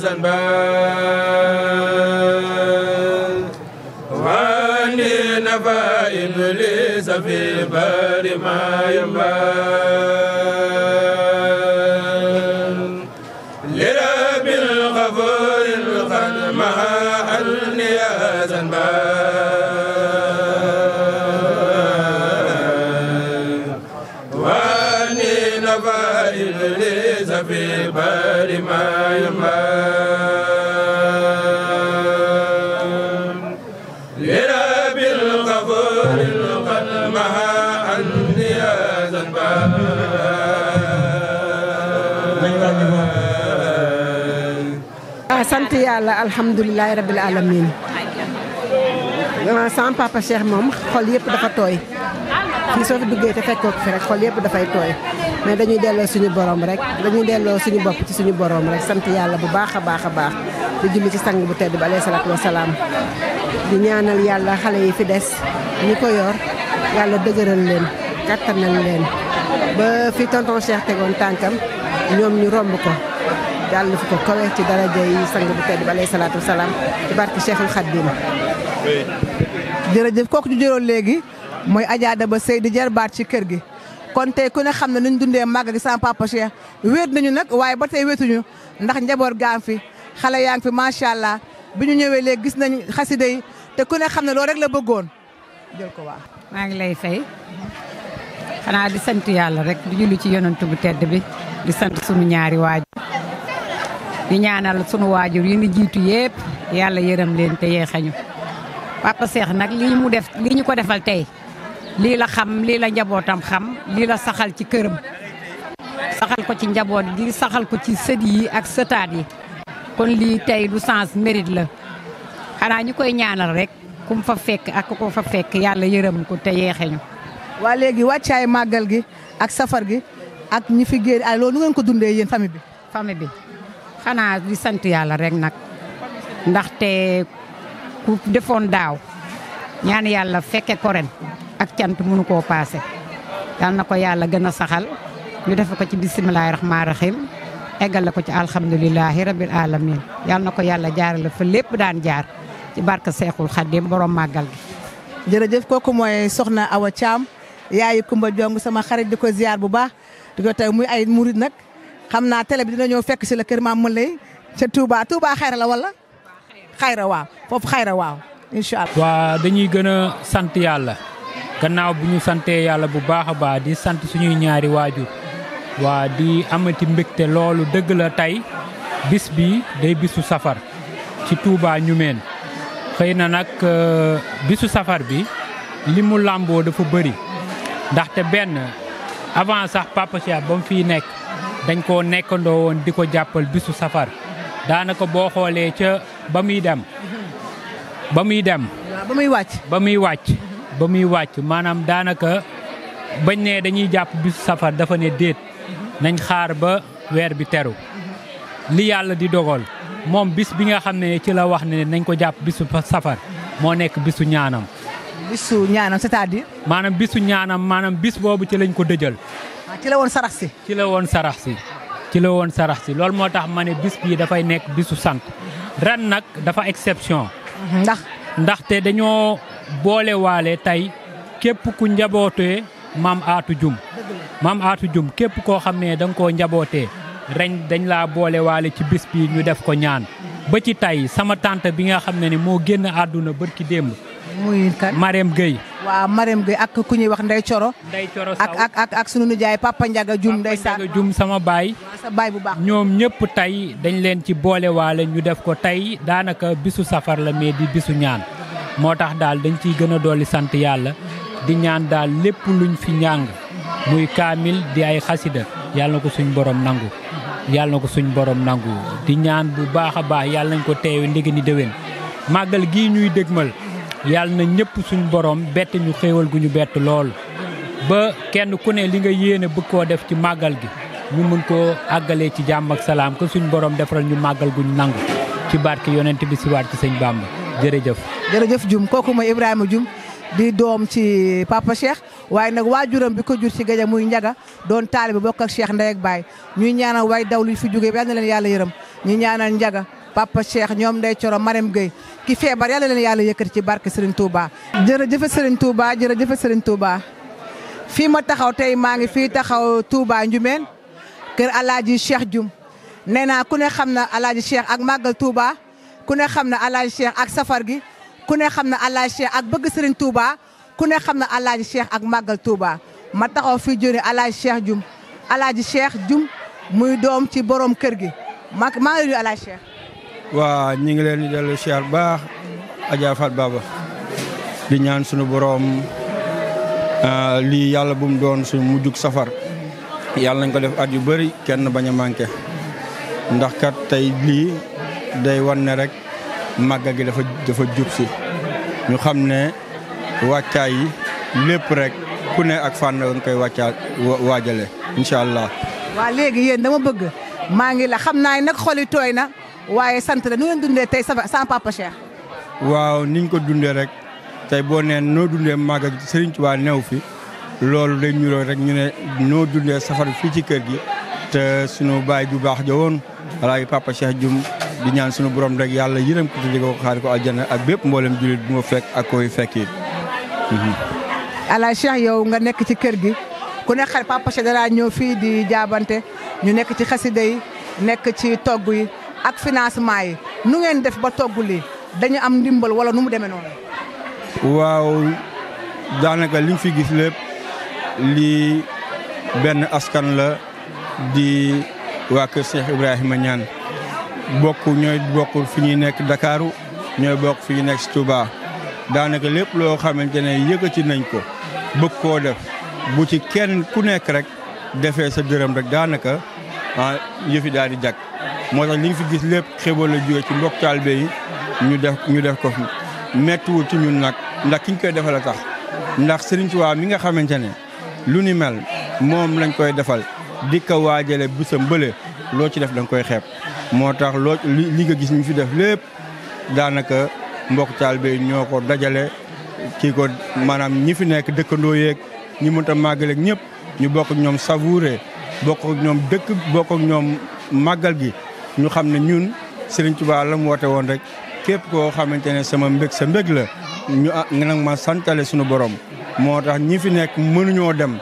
زنبال واني نفى إبليس في بار ما ينبال لرب الغفور القد مها أني يا زنبال واني نفى إبليس في بار ما ينبال ah sant yàlla alhamdulilah rabil alamin ah, sama papa Cheikh moom xol yëpp dafa tooy fii soo fi duggee te fekkoo ko fi rek xol yëpp dafay tooy mais dañuy delloo suñu borom rek dañuy delloo suñu bopp ci suñu borom rek sant yàlla bu baax a baax a baax di julli ci sang bu tedd bi alayhi salaatu wa salaam di ñaanal yàlla xale yi fi des ñi ko yor yàlla dëgëral leen kattanal leen. ba fi tonton Cheikh tegoon tànkam ñoom ñu romb ko yàlla fi ko kawe ci daraja yi sang bu tedd bi alayhi salaatu wasalaam ci barke Cheikhul Khadim jërëjëf kooku ñu jëloon léegi mooy Adja Daba Sey di jarbaat ci kër gi kon tey ku ne xam ne nuñ dundee màgg gi sama papa Cheikh wéet nañu nag waaye ba tey wéetuñu ndax njaboot gaam fi xale yaa ngi fi macha allah bi ñu ñëwee lee gis nañu xasida te ku ne xam ne loolu rek la bëggoon jël ko waa maa ngi lay fay. xanaa di sant yàlla rek di julli ci yonent bu tedd bi di sant sunu ñaari waajur di ñaanal sunu waajur yi ñu jiitu yépp yàlla yërëm leen te yeexañu papa Cheikh nag lii mu def lii ñu ko defal tey lii la xam lii la njabootam xam lii la saxal ci këram saxal ko ci njaboot di saxal ko ci sët yi ak sëtaat yi kon lii tey du sens mérite la xanaa ñu koy ñaanal rek kum fa fekk ak ko fa fekk yàlla yërëm ko te yeexeñu waa léegi wàccaay màggal gi ak safar gi ak ñi fi génn ay loolu nu ngeen ko dundee yéen famille bi. famille bi xanaa di sant yàlla rek nag ndaxte ku defoon daaw ñaan yàlla fekke ko ren ak cant mënu koo paase. yal na ko yàlla gën a saxal ñu defe ko ci bisimilahi rax rahim eggale ko ci alhamdulilahi rabil alamin yal na ko yàlla jaarale fa lépp daan jaar ci barke Seexul Xaddim boroom màggal gi. jërëjëf kooku mooy Soxna Awa Thiam. yaayu Kumba Jong sama xarit di ko ziar bu baax di ko tey muy ay murit nag xam naa télé bi dina ñëw fekk si la kër maam mën lay ca Touba Touba xayra la wala xayra waaw foofu xayra waaw waa dañuy gën a sant yàlla gannaaw bu ñu santee yàlla bu baax a baax di sant suñuy ñaari waajur waa di amati mbégte loolu dëgg la tey bis bi day bisu safar ci Touba ñu xëy na nag euh, bisu safar bi li mu làmboo dafa bëri. ndaxte benn avant sax Papa Cheikh ba mu fiy nekk dañ koo nekkandoo woon di ko jàppal bisu safar daanaka boo xoolee ca ba muy dem ba muy dem ba muy wàcc ba muy wàcc ba muy wàcc maanaam daanaka bañ ne dañuy jàpp bisu safar dafa ne déet nañ xaar ba weer bi teru li yàlla di dogal moom bis bi nga xam ne ci la wax ne nañ ko jàpp bisu safar moo nekk bisu ñaanam bisu ñaanam cest à maanaam bisu ñaanam maanaam bis boobu ci lañ ko dëjal. Ah, ci la woon sarax si. ci la woon sarax si. ci la woon sarax si loolu moo tax ma ne bis bii dafay nekk bisu sant. ren nag dafa exception. Mm-hmm. ndax ndaxte dañoo boolewaale tey képp ku njabootee maam aatu jum. maam aatu jum képp koo xam ne da koo njabootee. reñ dañ laa boole waale ci bis bii ñu def ko ñaan. Mm-hmm. ba ci tey sama tante bi nga xam ne ni moo génn àdduna bërki démb muy kan Marème Gueye. waaw Marème Gueye ak ku ñuy wax Ndeye Coro. ak ak ak ak sunu nijaay Papa Ndiaga Dioum. Ndeye Sane Papa Ndiaga sama baay. sa baay bu baax ñoom ñëpp tey dañ leen ci boolewaale ñu def ko tey daanaka bisu safar la mais di bisu ñaan. moo tax daal dañ ciy gën a dolli sant yàlla di ñaan daal lépp luñ fi ñàng muy kaamil di ay xasida yàlla ko suñ borom nangu. yàlla ko suñ borom nangu di ñaan bu baax a baax yàlla nañ ko teewe ndege ni déwén màggal gii ñuy dégmal. yàlla na ñëpp suñu borom bett ñu xéewal gu ñu bett lool ba kenn ku ne li nga yéene bëgg koo def ci màggal gi ñu mën koo àggalee ci jàmm ak salaam que suñu borom defaral ñu màggal gu ñu nangu ci barke yonent bi si waat ci sëñ Bamba jërëjëf. jërëjëf Dioum kooku moy Ibrahima jum di doom ci papa Cheikh waaye nag waa waajuram bi ko jur ci gaja muy njaga doon taalibe bokk ak Cheikh ndey ak baay ñuy ñaanal waay daw li fi jógee yal leen yàlla yërëm ñu ñaanal njaga. papa Cheikh ñoom Ndeye Coro Marème Gueye ki feebar yàlla leen yàlla yëkkati ci barke Serigne Touba. jërëjëf Serigne Touba jërëjëf Serigne Touba fii ma taxaw tey maa ngi fi taxaw Touba Njumeen kër Alaaji Cheikh Dioum nee naa ku ne xam na Alaaji Cheikh ak màggal Touba ku ne xam na Alaaji Cheikh ak safar gi ku ne xam na Alaaji Cheikh ak bëgg sëriñ Touba ku ne xam na Alaaji Cheikh ak màggal Touba ma taxaw fii jóne Alaaji Cheikh jum Alaaji Cheikh Dioum muy doom ci borom kër gi ma maa ngi nuyu Alaaji waa ñi ngi leen di dellu baax Adja Fat Baba di ñaan sunu boroom ah, lii yàlla bu mu doon suñu mujjug safar yàlla nañ ko def at yu bëri kenn bañ a manqué ndax kat tey lii day wan ne rek màgga gi dafa dafa jub si ñu xam ne wàccaay yi lépp rek ku ne ak fànn nga koy wàccaa waajale incha allah. waa léegi yéen dama bëgg maa ngi la xam naa nag xoli na. waaye sant la nu ngeen dundee tey sa san Cheikh. waaw niñ ko dundee rek tey boo neen noo dundee màgg ak Serigne Touba new fi loolu day ñuroo rek ñu ne noo dundee safar fii ci kër gi te sunu baay ju baax ja woon alaaji papa Cheikh Dioum di ñaan sunu borom rek yàlla yërëm ko te di ko xaar ko aljana ak bépp mboolem jullit bu ma fekk ak koy fekki. Mhm. alaaji Cheikh yow nga nekk ci kër gi ku ne xel papa Cheikh dara ñëw fii di jaabante ñu nekk ci xasida yi nekk ci togg yi. ak financement yi nu ngeen def ba togg lii dañu am ndimbal wala nu mu demee noonu. waaw daanaka liñ fi gis lépp lii benn askan la di waa kër Cheikh Ibrahima bokk ñooy bokk fi ñuy nekk Dakaru ñooy bokk fi ñuy nekk si daanaka lépp loo xamante ne yëkkati nañ ko bëgg koo def bu ci kenn ku nekk rek defee sa dërëm rek daanaka ah yëfi daal di jag. moo tax li nga fi gis lépp xéwal la jóge ci mbokk taalibe yi ñu def ñu def ko fi ci ñun nag ndax kiñ koy defal a tax ndax Sëriñ Tuubaa mi nga xamante ne lu ni mel moom lañ koy defal di ko waajale bisa mbële loo ci def da koy xeeb moo tax loo li nga gis ñu fi def lépp daanaka mbokk taalibe yi ñoo ko dajale kii ko maanaam ñi fi nekk dëkkandoo yeeg ñi mënta màggaleeg ñëpp ñu bokk ñoom savouré bokk ñoom dëkk bokk ñoom màggal gi ñu xam ne ñun Serigne Touba la mu woote woon rek képp koo xamante ne sama mbég sa mbég la ñu ah nag ma santale suñu borom. moo tax ñi fi nekk mënuñoo dem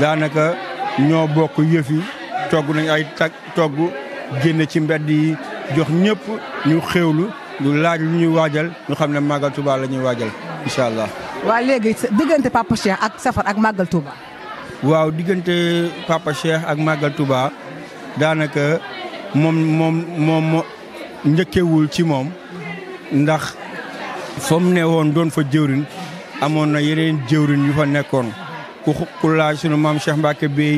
daanaka ñoo bokk yëfi togg nañ ay tag togg génn ci mbedd yi jox ñëpp ñu xéwlu lu laaj lu ñuy waajal ñu xam ne màggal Touba la ñuy waajal incha allah. waa léegi diggante Papa ak Safar ak màggal Touba. waaw diggante Papa ak màggal Touba daanaka. moom moom moom njëkkewul ci moom ndax fa mu ne woon doon fa jëwriñ amoon na yeneen jëwriñ yu fa nekkoon ku ku laaj sunu maam Cheikh Mbacke Bey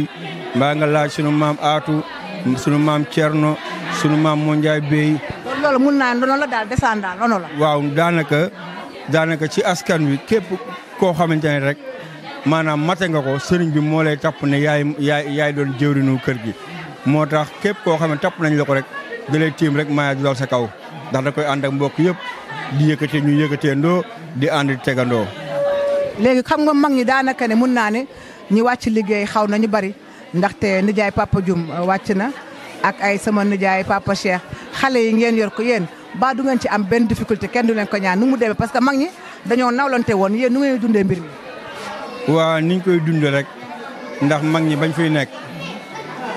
mbaa nga laaj sunu maam Aatu sunu maam Thierno sunu maam Mondiaye Bey. loolu mun naa noonu la daal descendant noonu la. waaw daanaka daanaka ci askan wi képp koo xamante ne rek maanaam mate nga ko sëriñ bi moo lay tapp ne yaay yaay yaay doon jëwriñu kër gi. moo tax képp koo xam ne tapp nañ la ko rek dalay tiim rek maaya du dal sa dax ndax da koy ànd ak mbokk yëpp di yëkkatee ñu yëkkatee ndoo di ànd di tegandoo. léegi xam nga mag ñi daanaka ne mun naa ne ñi wàcc liggéey xaw nañu bari ndaxte nijaay papa Dioum euh, wàcc na ak ay sama nijaay papa Cheikh xale yi ngeen yor ko yéen ba du ngeen ci am benn difficulté kenn du leen ko ñaan nu mu demee parce que mag ñi dañoo nawlante woon yéen nu ngeen dundee mbir mi. waaw niñ koy dundee rek ndax mag ñi bañ fiy nekk.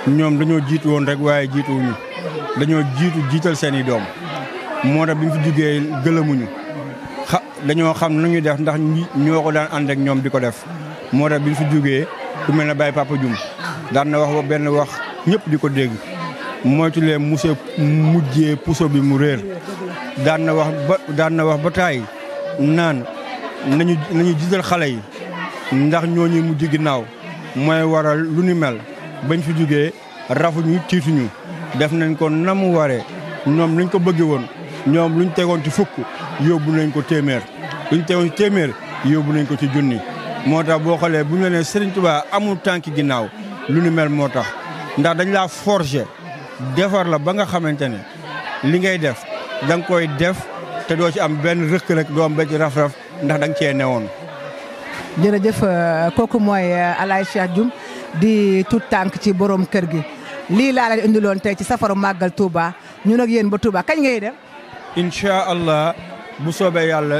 ñoom dañoo jiitu woon rek waaye jiituwuñu dañoo jiitu jiital seen i doom moo tax bi mu fi jugee gëlëmuñu xa dañoo xam nu ñuy def ndax ñoo ko daan ànd ñoom di ko def moo tax bi mu fi jugee ku mel ne Baye Papa Dioum daan na wax ba benn wax ñëpp di ko dégg moytu leen muse mujjee puso bi mu réer daan na wax ba daan na wax ba naan nañu nañu jiital xale yi ndax ñooñu mujj ginnaaw mooy waral lu ni mel bañ fi jugee rafuñu tiituñu def nañ ko namu waree noom luñ ko bëggee woon ñoom luñ tegoon ci fukk yóbbu nañ ko téeméer luñ tegoon téeméer yóbbu nañ ko ci junni moo tax boo xoolee bu ñu nee Serigne Touba amul tànki ginnaaw lu ni mel moo tax ndax dañ laa forger defar la ba nga xamante ne li ngay def da koy def te doo ci am benn rëkk doom doo am benn ndax da nga cee newoon. jërëjëf kooku mooy El Hadj Cheikh di tut tànk ci borom kër gi lii laa leen indiloon tey ci safaru màggal Touba ñu ak yéen ba Touba kañ ngay dem. incha allah bu soobee yàlla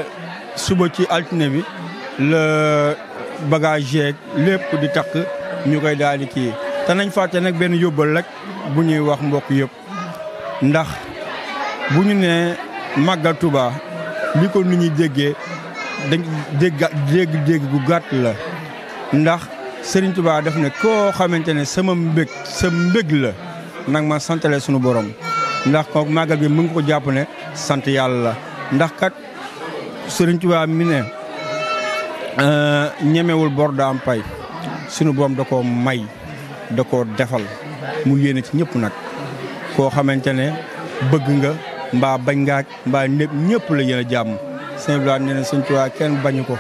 suba ci altine bi la bagage yeeg lépp di takk ñu koy daal kii te nañ fàtte nag benn yóbbal rek bu ñuy wax mbokk yëpp ndax bu ñu nee màggal Touba li ko nu ñi déggee dañ dégg dégg-dégg gu gàtt la ndax. Serigne def ne koo xamante ne sama mbég sa mbég la nag ma santalee sunu borom ndax kooku màggal bi mu ngi ko jàpp ne sant yàlla la ndax kat Serigne Touba mi ne euh, ñemewul bor da am pay sunu da ko may da ko defal mu yéene ci ñëpp nag koo xamante ne bëgg nga mbaa bañ ngaa mbaa népp ñëpp la yéen a jàmm sëñ bi nee na Sëñ Tuubaa kenn bañu ko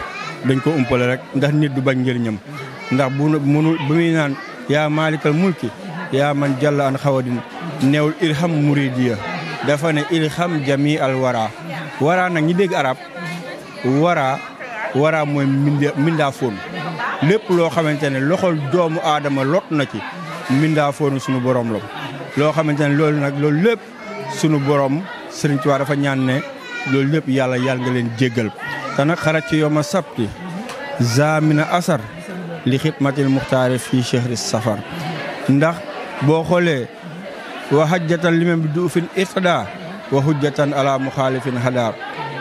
dañ ko umpale rek ndax nit du bañ njëriñam ndax bu mënu bu naan yaa maalikal mulki yaa man jàll an xawadin neewul ilham muridiya dafa ne ilham jami al wara wara nag ñi dégg arab wara wara mooy minda lépp loo xamante ne loxol doomu aadama lot na ci mindaa foonu suñu borom la loo xamante ne loolu nag loolu lépp sunu borom Sëriñ Tuubaa dafa ñaan ne loolu lépp yàlla yàlla nga leen jéggal te nag ci yow ma sabti zamina asar li xidmatil muxtaari fii chehri safar ndax boo xoolee wa hajjatan li mem bi duufin irtada wa hujjatan ala muxaalifin hada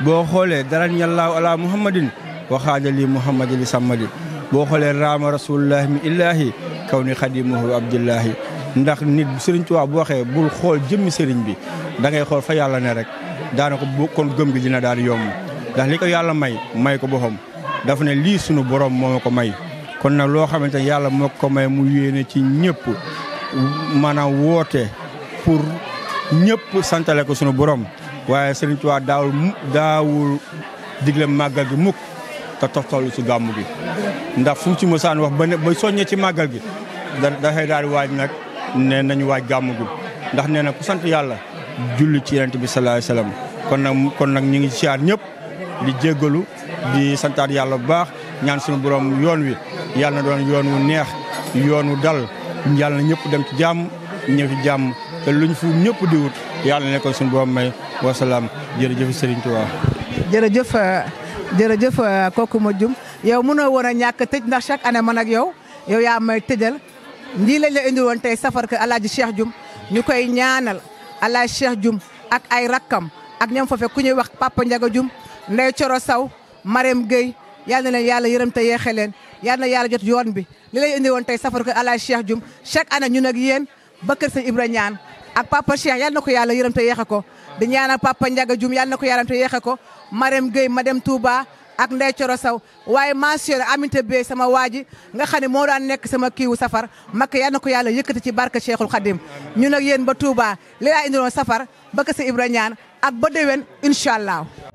boo xoolee daran yallaaw ala muhammadin wa xaaja li li sàmmadi boo xoolee raama rasulullahi mi illaahi kaw ni xadimuhu abdillahi ndax nit sëriñ Tuubaa bu waxee bul xool jëmmi sëriñ bi da xool fa yàlla ne rek daana ko kon gëm gi dina daal yomb ndax li ko yàlla may may ko boppam dafa ne lii sunu borom moo kon nag loo xamante ne yàlla moo ko may mu yéene ci ñëpp maanaam woote pour ñëpp santale ko sunu borom waaye Sëriñ Tuubaa daawul daawul digle màggal gi mukk te toftalu ci gàmmu gi ndax fu ci mosaan wax ba ne ba ci màggal gi da dafay daal di waaj nag ne nañu waaj gàmmu gi ndax nee na ku sant yàlla julli ci yonent bi sallallahu alayhi kon nag ñu ngi siyaar ñëpp di jéggalu di santaat yàlla bu baax ñaan sunu borom yoon wi yàlla na doon yoon wu neex yoon wu dal yàlla na ñëpp dem ci jàmm ñëw ci jàmm te luñ fu ñëpp di wut yàlla ne ko suñu boom may wasalaam jërëjëf Serigne Touba. jërëjëf jërëjëf kooku ma jum yow mënoo woon a ñàkk tëj ndax chaque année man ak yow yow yaa may tëjal ndii lañ la indi woon tey safar ka alaaji Cheikh Dioum ñu koy ñaanal alaaji Cheikh Dioum ak ay rakkam ak ñam foofe ku wax Papa Ndiaga Dioum Ndeye Coro Saw Marème na leen yàlla yërëm te yal na yàlla jot yoon bi li lay indi woon tey safar ko Alaaji Cheikh Dioum chaque année ñun ak yéen ba kër sëñ Ibra Ñaan ak papa Cheikh yal ko yàlla yërëm te yeexe ko di ñaanal papa Ndiaga Dioum yal na ko yàlla te yeexe ko Marème Gueye madame Touba ak Ndeye Coro Saw waaye mentionné Aminata Bey sama waa nga xam ne moo daan nekk sama kiiwu safar makka yal na ko yàlla yëkkati ci barke Cheikhul Khadim ñun ak yéen ba Touba li laa indi woon safar ba kër sëñ Ibra Ñaan ak ba déwén incha allah